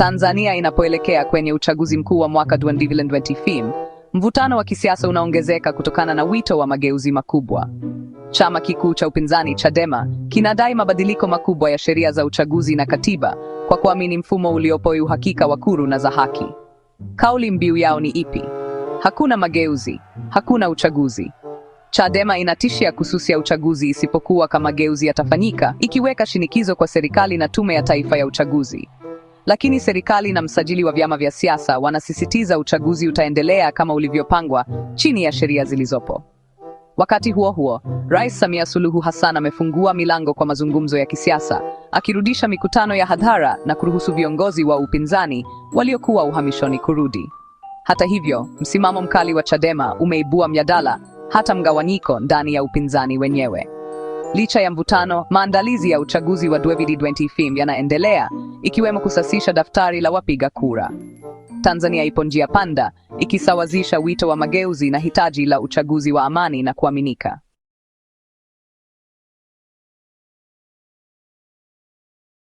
Tanzania inapoelekea kwenye uchaguzi mkuu wa mwaka 2025, mvutano wa kisiasa unaongezeka kutokana na wito wa mageuzi makubwa. Chama kikuu cha upinzani Chadema kinadai mabadiliko makubwa ya sheria za uchaguzi na katiba kwa kuamini mfumo uliopo uhakika wa kura na za haki. Kauli mbiu yao ni ipi? Hakuna mageuzi, hakuna uchaguzi. Chadema inatishia kususia uchaguzi isipokuwa kama mageuzi yatafanyika, ikiweka shinikizo kwa serikali na Tume ya Taifa ya Uchaguzi. Lakini serikali na msajili wa vyama vya siasa wanasisitiza uchaguzi utaendelea kama ulivyopangwa chini ya sheria zilizopo. Wakati huo huo, Rais Samia Suluhu Hassan amefungua milango kwa mazungumzo ya kisiasa, akirudisha mikutano ya hadhara na kuruhusu viongozi wa upinzani waliokuwa uhamishoni kurudi. Hata hivyo, msimamo mkali wa Chadema umeibua mjadala, hata mgawanyiko ndani ya upinzani wenyewe. Licha ya mvutano, maandalizi ya uchaguzi wa 2025 yanaendelea, ikiwemo kusasisha daftari la wapiga kura. Tanzania ipo njia panda, ikisawazisha wito wa mageuzi na hitaji la uchaguzi wa amani na kuaminika.